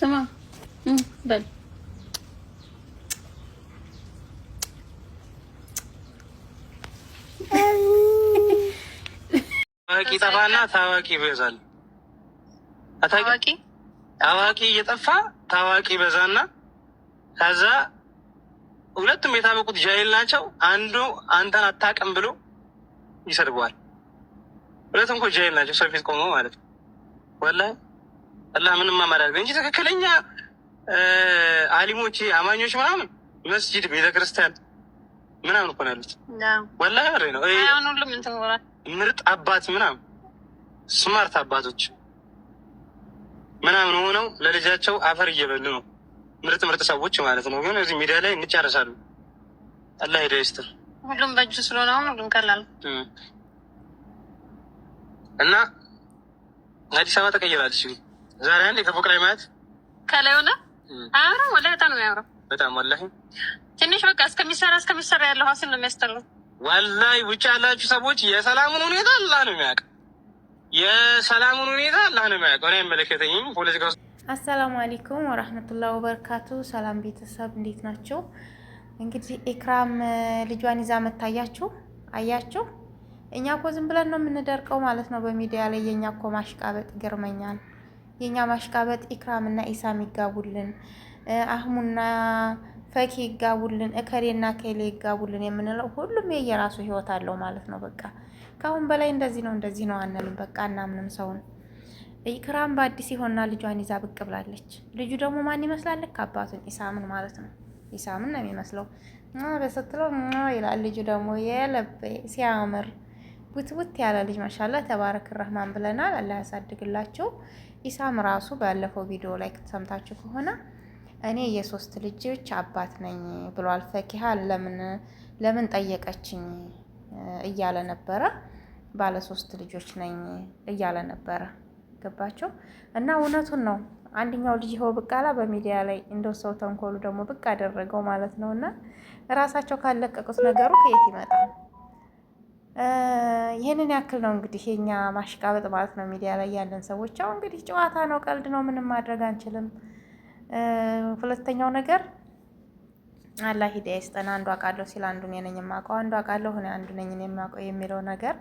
ስማ በል ታዋቂ ጠፋና ታዋቂ ይበዛል። ታዋቂ ታዋቂ እየጠፋ ታዋቂ ይበዛና ከዛ ሁለቱም የታወቁት ጃይል ናቸው። አንዱ አንተን አታውቅም ብሎ ይሰድበዋል። ሁለቱም እኮ ጃይል ናቸው፣ ሰው ፊት ቆሞ ማለት ነው። ወላሂ አላህ ምንም አማራጭ እንጂ ትክክለኛ አሊሞች አማኞች ምናምን መስጂድ ቤተክርስቲያን ምናምን እኮ ነው ያሉት። ወላሂ ወሬ ነው። ምርጥ አባት ምናምን ስማርት አባቶች ምናምን ሆነው ለልጃቸው አፈር እየበሉ ነው። ምርጥ ምርጥ ሰዎች ማለት ነው። ግን እዚህ ሚዲያ ላይ እንጨርሳሉ። አላህ ሄደ ይስጥር። ሁሉም በእጁ ስለሆነ አሁን ሁሉም ቀላል እና አዲስ አበባ ተቀይራለች። ዛሬ አንድ ከፎቅ ላይ ማለት ከላይ ሆነ አምሮ ወላ በጣም ነው ያምረው። በጣም ወላ ትንሽ በቃ እስከሚሰራ እስከሚሰራ ያለው ሀሲል ነው የሚያስጠላው። ወላይ ውጭ ያላችሁ ሰዎች የሰላሙን ሁኔታ አላህ ነው የሚያውቅ። የሰላሙን ሁኔታ አላህ ነው የሚያውቅ። እኔ አይመለከተኝም ፖለቲካ ውስጥ። አሰላሙ አለይኩም ወራህመቱላሂ ወበረካቱ። ሰላም ቤተሰብ እንዴት ናቸው? እንግዲህ ኢክራም ልጇን ይዛ መታያችሁ አያችሁ። እኛ እኮ ዝም ብለን ነው የምንደርቀው ማለት ነው በሚዲያ ላይ። የእኛ እኮ ማሽቃበጥ ገርመኛል። የእኛ ማሽቃበጥ ኢክራምና ኢሳም ይጋቡልን፣ አህሙና ፈኪ ይጋቡልን፣ እከሌና ከሌ ይጋቡልን የምንለው ሁሉም የየራሱ ህይወት አለው ማለት ነው። በቃ ከአሁን በላይ እንደዚህ ነው እንደዚህ ነው አንልም። በቃ እናምንም ሰውን። ኢክራም በአዲስ ይሆንና ልጇን ይዛ ብቅ ብላለች። ልጁ ደግሞ ማን ይመስላል? አባቱን ኢሳምን ማለት ነው። ኢሳምን ነው የሚመስለው በስትለው ይላል ልጁ ደግሞ የለበ ሲያምር ውትውት ያለ ልጅ ማሻላ ተባረክ ረህማን ብለናል። አላ ያሳድግላቸው። ኢሳም ራሱ ባለፈው ቪዲዮ ላይ ከተሰምታችሁ ከሆነ እኔ የሶስት ልጆች አባት ነኝ ብሏል። ፈኪሃ ለምን ለምን ጠየቀችኝ እያለ ነበረ። ባለ ሶስት ልጆች ነኝ እያለ ነበረ። ገባቸው እና እውነቱን ነው። አንደኛው ልጅ ይኸው ብቅ በሚዲያ ላይ እንደው ሰው ተንኮሉ ደግሞ ብቅ አደረገው ማለት ነው። እና ራሳቸው ካለቀቁት ነገሩ ከየት ይመጣል? ይህንን ያክል ነው እንግዲህ የኛ ማሽቃበጥ ማለት ነው። ሚዲያ ላይ ያለን ሰዎች ያው እንግዲህ ጨዋታ ነው፣ ቀልድ ነው፣ ምንም ማድረግ አንችልም። ሁለተኛው ነገር አላህ ሂዳያ ይስጠን። አንዱ አውቃለሁ ሲል አንዱ እኔ ነኝ የማውቀው፣ አንዱ አውቃለሁ እኔ አንዱ ነኝ የማውቀው የሚለው ነገር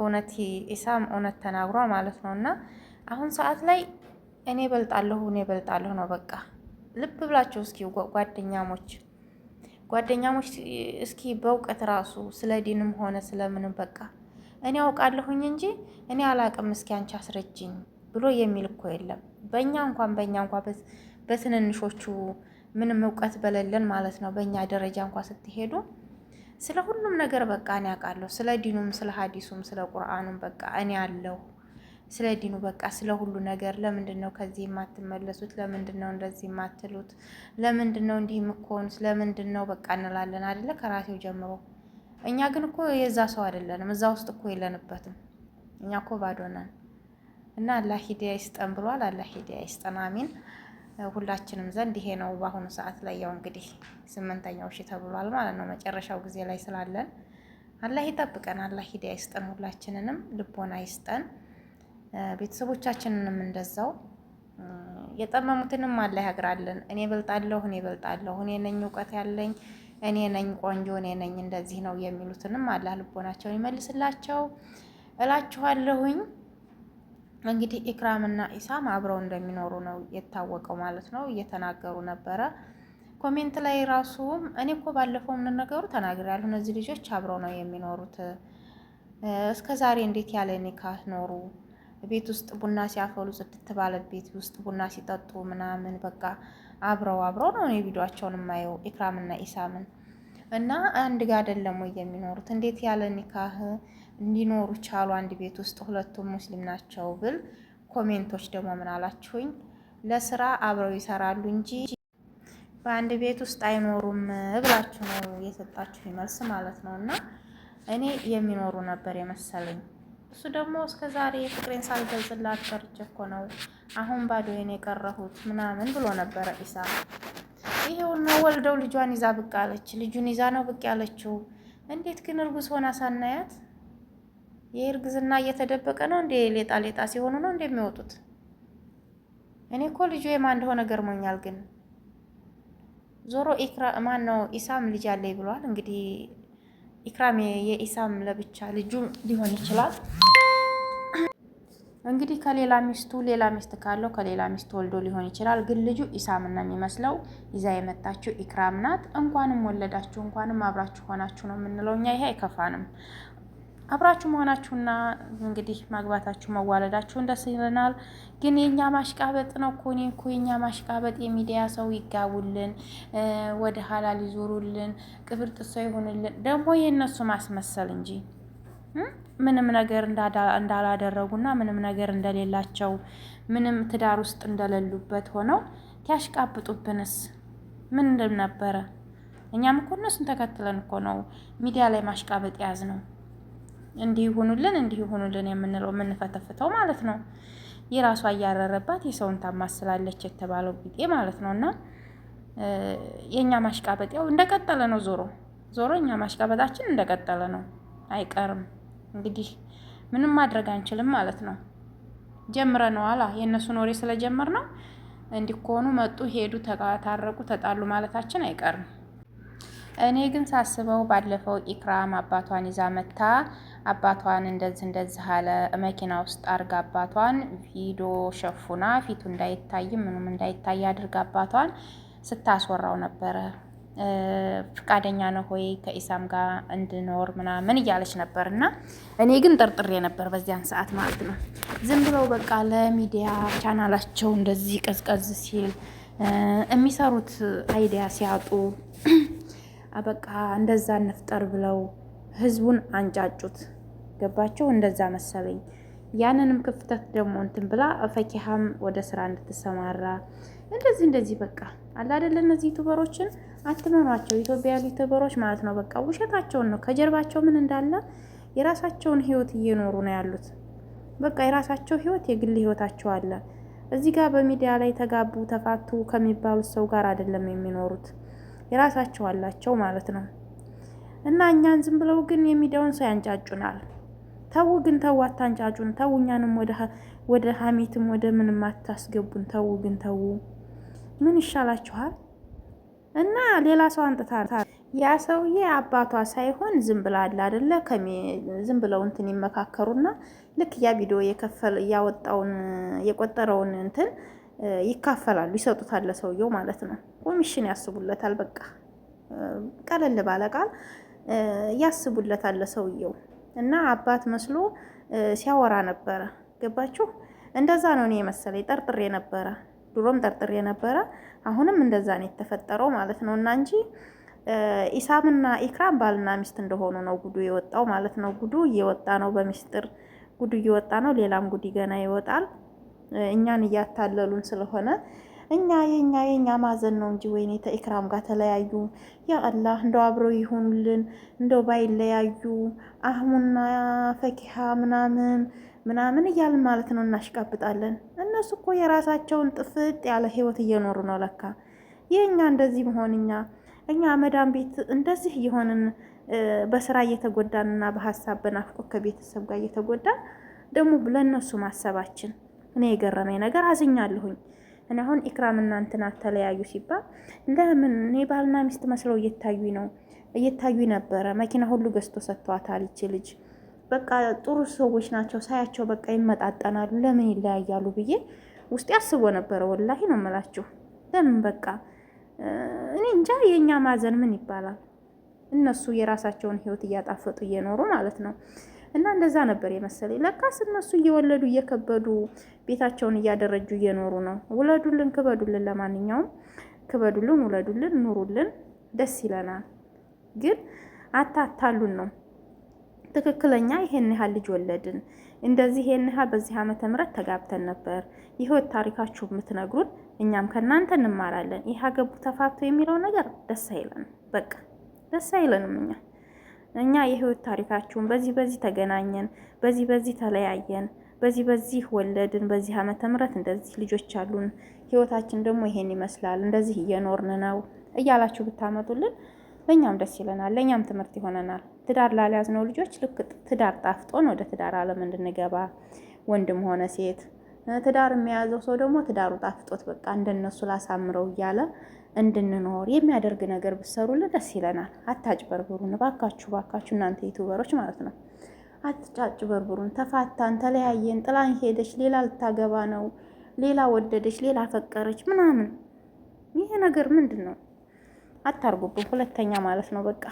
እውነት ኢሳም እውነት ተናግሯ ማለት ነው። እና አሁን ሰዓት ላይ እኔ በልጣለሁ፣ እኔ በልጣለሁ ነው በቃ። ልብ ብላችሁ እስኪ ጓደኛሞች ጓደኛሞች እስኪ በእውቀት ራሱ ስለ ዲንም ሆነ ስለምንም በቃ እኔ አውቃለሁኝ እንጂ እኔ አላቅም እስኪ አንቺ አስረጅኝ ብሎ የሚል እኮ የለም። በእኛ እንኳን በእኛ እንኳ በትንንሾቹ ምንም እውቀት በሌለን ማለት ነው። በእኛ ደረጃ እንኳ ስትሄዱ ስለ ሁሉም ነገር በቃ እኔ አውቃለሁ፣ ስለ ዲኑም፣ ስለ ሀዲሱም፣ ስለ ቁርአኑም በቃ እኔ አለሁ ስለ ዲኑ በቃ ስለ ሁሉ ነገር ለምንድን ነው ከዚህ የማትመለሱት? ለምንድን ነው እንደዚህ የማትሉት? ለምንድን ነው እንዲህ የምትሆኑት? ለምንድን ነው በቃ እንላለን አይደለ? ከራሴው ጀምሮ እኛ ግን እኮ የዛ ሰው አይደለንም፣ እዛ ውስጥ እኮ የለንበትም። እኛ እኮ ባዶ ነን እና አላህ ሂዳያ ይስጠን ብሏል። አላህ ሂዳያ ይስጠን፣ አሚን። ሁላችንም ዘንድ ይሄ ነው በአሁኑ ሰዓት ላይ ያው እንግዲህ ስምንተኛው ሺ ተብሏል ማለት ነው መጨረሻው ጊዜ ላይ ስላለን አላህ ይጠብቀን፣ አላህ ሂዳያ ይስጠን፣ ሁላችንንም ልቦና ይስጠን። ቤተሰቦቻችንንም እንደዛው የጠመሙትንም አለ ያግራለን። እኔ እበልጣለሁ፣ እኔ እበልጣለሁ፣ እኔ ነኝ እውቀት ያለኝ፣ እኔ ነኝ ቆንጆ፣ እኔ ነኝ እንደዚህ ነው የሚሉትንም አለ ልቦናቸውን ይመልስላቸው እላችኋለሁኝ። እንግዲህ ኢክራምና ኢሳም አብረው እንደሚኖሩ ነው የታወቀው ማለት ነው። እየተናገሩ ነበረ ኮሜንት ላይ ራሱ እኔ እኮ ባለፈው የምንነገሩ ነገሩ ያሉ እነዚህ ልጆች አብረው ነው የሚኖሩት እስከ ዛሬ እንዴት ያለ ኒካ ኖሩ ቤት ውስጥ ቡና ሲያፈሉ ጽድት ባለ ቤት ውስጥ ቡና ሲጠጡ ምናምን በቃ አብረው አብረው ነው እኔ ቪዲዮቸውን የማየው ኢክራምና ኢሳምን እና አንድ ጋር አይደለም ወይ የሚኖሩት? እንዴት ያለ ኒካህ እንዲኖሩ ቻሉ? አንድ ቤት ውስጥ ሁለቱም ሙስሊም ናቸው ብል ኮሜንቶች ደግሞ ምን አላችሁኝ? ለስራ አብረው ይሰራሉ እንጂ በአንድ ቤት ውስጥ አይኖሩም ብላችሁ ነው የሰጣችሁ መልስ ማለት ነው። እና እኔ የሚኖሩ ነበር የመሰለኝ እሱ ደግሞ እስከ ዛሬ ፍቅሬን ሳልገልጽላት ቀርቼ እኮ ነው አሁን ባዶዬን የቀረሁት ምናምን ብሎ ነበረ ኢሳ። ይሄውና ወልደው ልጇን ይዛ ብቅ አለች። ልጁን ይዛ ነው ብቅ ያለችው። እንዴት ግን እርጉዝ ሆና ሳናያት? ይህ እርግዝና እየተደበቀ ነው እንዴ? ሌጣ ሌጣ ሲሆኑ ነው የሚወጡት? እኔ እኮ ልጁ የማን እንደሆነ ገርሞኛል። ግን ዞሮ ኢክራ ማን ነው ኢሳም ልጅ አለኝ ብሏል እንግዲህ ኢክራም የኢሳም ለብቻ ልጁ ሊሆን ይችላል። እንግዲህ ከሌላ ሚስቱ ሌላ ሚስት ካለው ከሌላ ሚስት ወልዶ ሊሆን ይችላል። ግን ልጁ ኢሳም ነው የሚመስለው። ይዛ የመጣችው ኢክራም ናት። እንኳንም ወለዳችሁ፣ እንኳንም አብራችሁ ሆናችሁ ነው የምንለው እኛ። ይሄ አይከፋንም። አብራችሁ መሆናችሁና እንግዲህ ማግባታችሁ መዋለዳችሁን ደስ ይለናል። ግን የእኛ ማሽቃበጥ ነው እኮ እኔ እኮ የእኛ ማሽቃበጥ የሚዲያ ሰው ይጋቡልን፣ ወደ ሀላል ይዞሩልን፣ ቅብር ጥሶ ይሆንልን። ደግሞ የእነሱ ማስመሰል እንጂ ምንም ነገር እንዳላደረጉና ምንም ነገር እንደሌላቸው ምንም ትዳር ውስጥ እንደሌሉበት ሆነው ያሽቃብጡብንስ ምን ነበረ? እኛም እኮ እነሱን ተከትለን እኮ ነው ሚዲያ ላይ ማሽቃበጥ ያዝ ነው። እንዲህ ይሆኑልን እንዲህ ይሆኑልን የምንለው የምንፈተፍተው ማለት ነው። የራሷ እያረረባት የሰውን ታማስላለች የተባለው ጊዜ ማለት ነው። እና የእኛ ማሽቃበጥ ያው እንደቀጠለ ነው። ዞሮ ዞሮ እኛ ማሽቃበጣችን እንደቀጠለ ነው፣ አይቀርም እንግዲህ ምንም ማድረግ አንችልም ማለት ነው። ጀምረነው አላ የእነሱን ወሬ ስለጀመር ነው እንዲኮኑ ከሆኑ መጡ፣ ሄዱ፣ ታረቁ፣ ተጣሉ ማለታችን አይቀርም። እኔ ግን ሳስበው ባለፈው ኢክራም አባቷን ይዛ መታ አባቷን እንደዚህ እንደዚህ አለ መኪና ውስጥ አርጋ አባቷን ቪዲዮ ሸፉና ፊቱ እንዳይታይ ምንም እንዳይታይ አድርጋ አባቷን ስታስወራው ነበረ። ፍቃደኛ ነው ሆይ ከኢሳም ጋር እንድኖር ምናምን እያለች ነበር። እና እኔ ግን ጠርጥሬ ነበር በዚያን ሰዓት ማለት ነው። ዝም ብለው በቃ ለሚዲያ ቻናላቸው እንደዚህ ቀዝቀዝ ሲል የሚሰሩት አይዲያ ሲያጡ በቃ እንደዛ እንፍጠር ብለው ህዝቡን አንጫጩት። ገባቸው እንደዛ መሰለኝ። ያንንም ክፍተት ደግሞ እንትን ብላ ፈኪሃም ወደ ስራ እንድትሰማራ እንደዚህ እንደዚህ በቃ አለ አይደለ? እነዚህ ዩቱበሮችን አትመኗቸው፣ ኢትዮጵያ ያሉ ዩቱበሮች ማለት ነው። በቃ ውሸታቸውን ነው። ከጀርባቸው ምን እንዳለ የራሳቸውን ህይወት እየኖሩ ነው ያሉት። በቃ የራሳቸው ህይወት፣ የግል ህይወታቸው አለ። እዚህ ጋር በሚዲያ ላይ ተጋቡ ተፋቱ ከሚባሉት ሰው ጋር አይደለም የሚኖሩት፣ የራሳቸው አላቸው ማለት ነው። እና እኛን ዝም ብለው ግን የሚዲያውን ሰው ያንጫጩናል። ተው ግን ተው፣ አታንጫጩን። ተው እኛንም ወደ ሀሜትም ወደ ምንም አታስገቡን። ተው ግን ተው። ምን ይሻላችኋል? እና ሌላ ሰው አንጥታ ያ ሰውዬ አባቷ ሳይሆን ዝም ብላ አለ አደለ፣ ዝም ብለው እንትን ይመካከሩና ልክ ያ ቪዲዮ ያወጣውን የቆጠረውን እንትን ይካፈላሉ፣ ይሰጡታል ለሰውየው ማለት ነው። ኮሚሽን ያስቡለታል። በቃ ቀለል ባለ ቃል ያስቡለታል ለሰውየው እና አባት መስሎ ሲያወራ ነበረ። ገባችሁ? እንደዛ ነው እኔ መሰለኝ ጠርጥሬ ነበረ፣ ድሮም ጠርጥሬ ነበረ። አሁንም እንደዛ ነው የተፈጠረው ማለት ነው እና እንጂ ኢሳምና ኢክራም ባልና ሚስት እንደሆኑ ነው ጉዱ የወጣው ማለት ነው። ጉዱ እየወጣ ነው በሚስጥር ጉዱ እየወጣ ነው። ሌላም ጉዲ ገና ይወጣል። እኛን እያታለሉን ስለሆነ እኛ የኛ የኛ ማዘን ነው እንጂ ወይኔ ተኢክራም ጋር ተለያዩ። ያ አላህ እንደው አብረው ይሆኑልን እንደው ባይለያዩ አህሙና ፈኪሃ ምናምን ምናምን እያል ማለት ነው እናሽቃብጣለን። እነሱ እኮ የራሳቸውን ጥፍጥ ያለ ህይወት እየኖሩ ነው ለካ። የእኛ እንደዚህ መሆን እኛ እኛ መዳም ቤት እንደዚህ እየሆንን በስራ እየተጎዳንና በሀሳብ በናፍቆት ከቤተሰብ ጋር እየተጎዳን ደግሞ ለእነሱ ማሰባችን እኔ የገረመኝ ነገር አዝኛለሁኝ። እና አሁን ኢክራም እና እንትና ተለያዩ ሲባል ለምን እኔ ባልና ሚስት መስለው እየታዩ ነው እየታዩ ነበረ። መኪና ሁሉ ገዝቶ ሰጥቷታል። ይቺ ልጅ በቃ ጥሩ ሰዎች ናቸው ሳያቸው በቃ ይመጣጠናሉ፣ ለምን ይለያያሉ ብዬ ውስጤ አስቦ ነበረ። ወላሂ ነው የምላችሁ። ለምን በቃ እኔ እንጃ። የእኛ ማዘን ምን ይባላል? እነሱ የራሳቸውን ህይወት እያጣፈጡ እየኖሩ ማለት ነው። እና እንደዛ ነበር የመሰለኝ። ለካስ እነሱ እየወለዱ እየከበዱ ቤታቸውን እያደረጁ እየኖሩ ነው። ውለዱልን፣ ክበዱልን፣ ለማንኛውም ክበዱልን፣ ውለዱልን፣ ኑሩልን፣ ደስ ይለናል። ግን አታታሉን ነው ትክክለኛ ይሄን ያህል ልጅ ወለድን፣ እንደዚህ ይሄን ያህል በዚህ ዓመተ ምህረት ተጋብተን ነበር፣ ይህወት ታሪካችሁ የምትነግሩን እኛም ከእናንተ እንማራለን። ይህ አገቡ ተፋቶ የሚለው ነገር ደስ አይለንም። በቃ ደስ አይለንም እኛ እኛ የህይወት ታሪካችሁን በዚህ በዚህ ተገናኘን፣ በዚህ በዚህ ተለያየን፣ በዚህ በዚህ ወለድን፣ በዚህ ዓመተ ምህረት እንደዚህ ልጆች አሉን፣ ህይወታችን ደግሞ ይሄን ይመስላል፣ እንደዚህ እየኖርን ነው እያላችሁ ብታመጡልን ለእኛም ደስ ይለናል፣ ለእኛም ትምህርት ይሆነናል። ትዳር ላልያዝነው ልጆች ልክ ትዳር ጣፍጦን ወደ ትዳር ዓለም እንድንገባ ወንድም ሆነ ሴት ትዳር የሚያዘው ሰው ደግሞ ትዳሩ ጣፍጦት በቃ እንደነሱ ላሳምረው እያለ እንድንኖር የሚያደርግ ነገር ብትሰሩልን ደስ ይለናል። አታጭበርብሩን ባካችሁ፣ ባካችሁ እናንተ ዩቱበሮች ማለት ነው። በርብሩን ተፋታን፣ ተለያየን፣ ጥላን ሄደች፣ ሌላ ልታገባ ነው፣ ሌላ ወደደች፣ ሌላ ፈቀረች ምናምን። ይሄ ነገር ምንድን ነው? አታርጉብን ሁለተኛ ማለት ነው በቃ